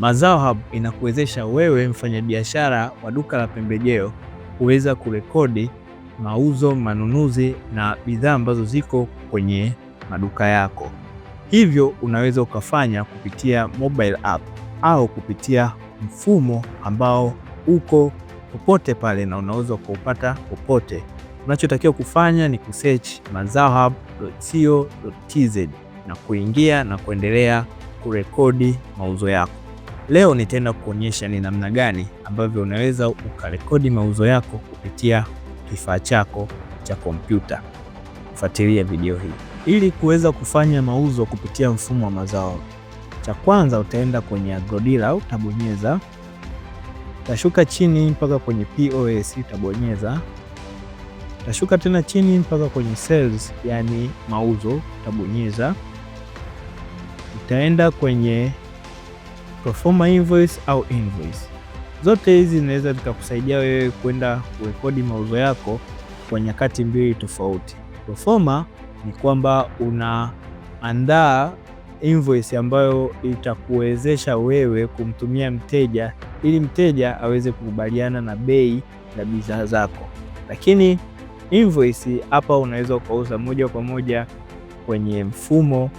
Mazao Hub inakuwezesha wewe mfanyabiashara wa duka la pembejeo kuweza kurekodi mauzo, manunuzi na bidhaa ambazo ziko kwenye maduka yako. Hivyo unaweza ukafanya kupitia mobile app au kupitia mfumo ambao uko popote pale na unaweza ukaupata popote. Unachotakiwa kufanya ni kusearch mazaohub.co.tz na kuingia na kuendelea kurekodi mauzo yako. Leo nitaenda kuonyesha ni namna gani ambavyo unaweza ukarekodi mauzo yako kupitia kifaa chako cha kompyuta. Fuatilia video hii ili kuweza kufanya mauzo kupitia mfumo wa mazao. Cha kwanza utaenda kwenye AgroDealer, utabonyeza, utashuka chini mpaka kwenye POS, utabonyeza, utashuka tena chini mpaka kwenye sales, yani mauzo, utabonyeza, utaenda kwenye proforma invoice au invoice. Zote hizi zinaweza zikakusaidia wewe kwenda kurekodi mauzo yako kwa nyakati mbili tofauti. Proforma ni kwamba unaandaa invoice ambayo itakuwezesha wewe kumtumia mteja ili mteja aweze kukubaliana na bei za bidhaa zako. Lakini invoice hapa unaweza ukauza moja kwa moja kwenye mfumo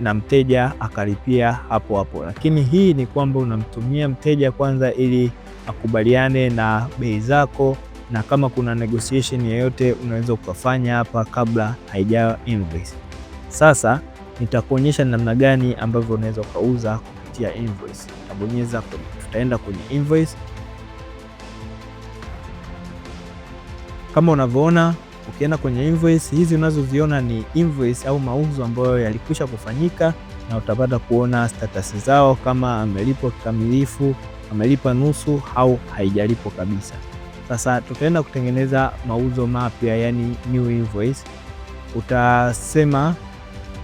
na mteja akalipia hapo hapo, lakini hii ni kwamba unamtumia mteja kwanza ili akubaliane na bei zako, na kama kuna negotiation yoyote unaweza ukafanya hapa kabla haijawa invoice. Sasa nitakuonyesha namna gani ambavyo unaweza ukauza kupitia invoice. Tabonyeza, tutaenda kwenye invoice kama unavyoona Ukienda kwenye invoice hizi unazoziona ni invoice au mauzo ambayo yalikwisha kufanyika, na utapata kuona status zao kama amelipwa kikamilifu, amelipa nusu au haijalipwa kabisa. Sasa tutaenda kutengeneza mauzo mapya, yani new invoice. Utasema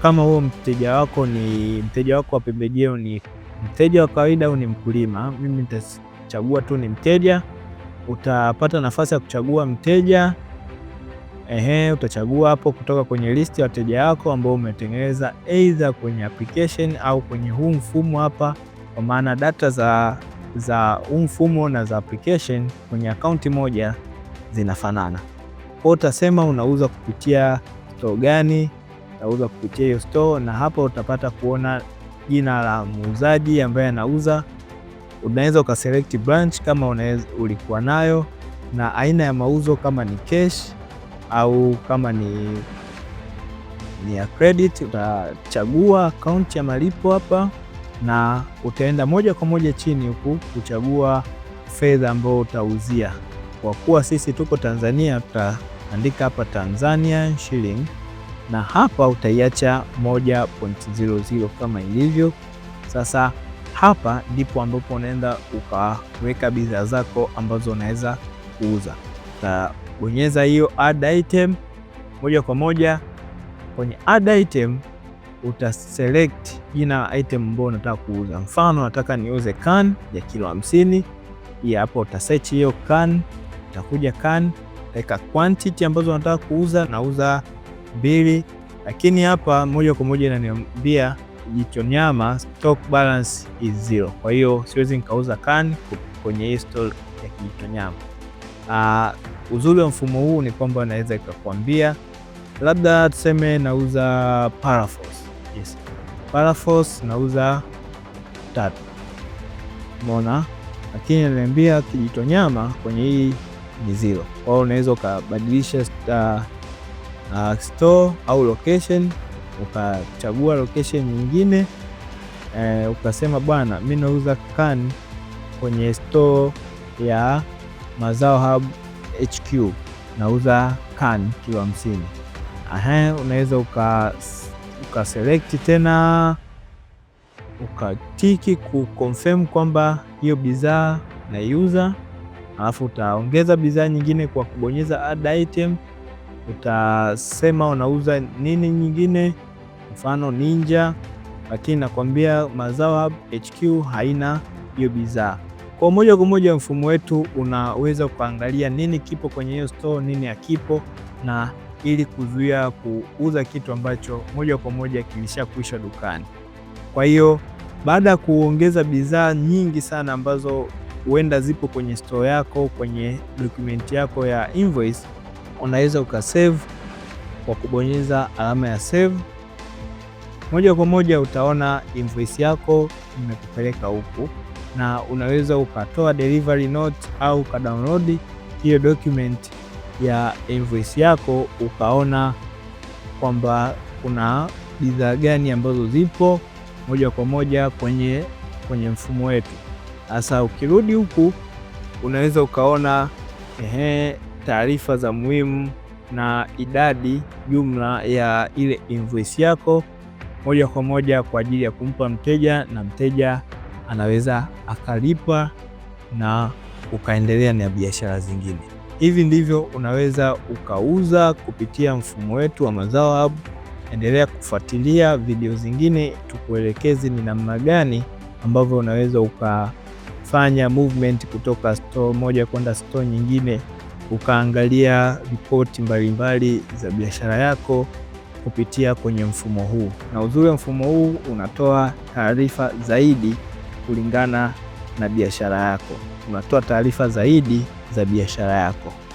kama huo mteja wako ni mteja wako wa pembejeo, ni mteja wa kawaida au ni mkulima. Mimi nitachagua tu ni mteja. Utapata nafasi ya kuchagua mteja Ehe, utachagua hapo kutoka kwenye listi ya wateja wako ambao umetengeneza either kwenye application au kwenye huu mfumo hapa, kwa maana data za za huu mfumo na za application kwenye akaunti moja zinafanana. Kwa utasema unauza kupitia store gani, unauza kupitia hiyo store, na hapa utapata kuona jina la muuzaji ambaye anauza. Unaweza ukaselect branch kama unaweza ulikuwa nayo, na aina ya mauzo kama ni cash au kama ni, ni ya credit utachagua akaunti ya malipo hapa, na utaenda moja kwa moja chini huku kuchagua fedha ambayo utauzia. Kwa kuwa sisi tuko Tanzania, tutaandika hapa Tanzanian shilling na hapa utaiacha 1.00 kama ilivyo. Sasa hapa ndipo ambapo unaenda ukaweka bidhaa zako ambazo unaweza kuuza utabonyeza hiyo add item moja kwa moja kwenye add item utaselect jina item ambayo unataka kuuza. Mfano nataka niuze can ya kilo hamsini. Hii hapa utasearch hiyo can, utakuja can, utaweka quantity ambazo unataka kuuza, nauza mbili, lakini hapa moja kwa moja inaniambia jicho nyama stock balance is zero. Kwa hiyo siwezi nikauza can kwenye hii store ya kijicho nyama. Uh, uzuri wa mfumo huu ni kwamba naweza ikakwambia labda tuseme nauza Paraforce. Yes. Paraforce nauza tatu, umeona, lakini ananiambia nyama kwenye hii ni zero. Kwa hiyo unaweza ukabadilisha uh, uh store au location ukachagua location nyingine eh, ukasema bwana, mi nauza kan kwenye store ya Mazao Hub HQ nauza kan kilo hamsini. Aha, unaweza uka, uka select tena ukatiki ku confirm kwamba hiyo bidhaa naiuza, alafu utaongeza bidhaa nyingine kwa kubonyeza add item. Utasema unauza nini nyingine, mfano Ninja, lakini nakwambia Mazao Hub HQ haina hiyo bidhaa. Kwa moja kwa moja mfumo wetu unaweza kuangalia nini kipo kwenye hiyo store, nini hakipo, na ili kuzuia kuuza kitu ambacho moja kwa moja kilishakwisha dukani. Kwa hiyo baada ya kuongeza bidhaa nyingi sana ambazo huenda zipo kwenye store yako, kwenye dokumenti yako ya invoice, unaweza ukasave kwa kubonyeza alama ya save. Moja kwa moja utaona invoice yako imekupeleka huku na unaweza ukatoa delivery note au ukadownload hiyo document ya invoice yako ukaona kwamba kuna bidhaa gani ambazo zipo moja kwa moja kwenye, kwenye mfumo wetu. Sasa ukirudi huku unaweza ukaona ehe, taarifa za muhimu na idadi jumla ya ile invoice yako moja kwa moja kwa ajili ya kumpa mteja na mteja anaweza akalipa na ukaendelea na biashara zingine. Hivi ndivyo unaweza ukauza kupitia mfumo wetu wa Mazao Hub. Endelea kufuatilia video zingine, tukuelekeze ni namna gani ambavyo unaweza ukafanya movement kutoka store moja kwenda store nyingine, ukaangalia ripoti mbalimbali za biashara yako kupitia kwenye mfumo huu, na uzuri wa mfumo huu unatoa taarifa zaidi kulingana na biashara yako. Tunatoa taarifa zaidi za biashara yako.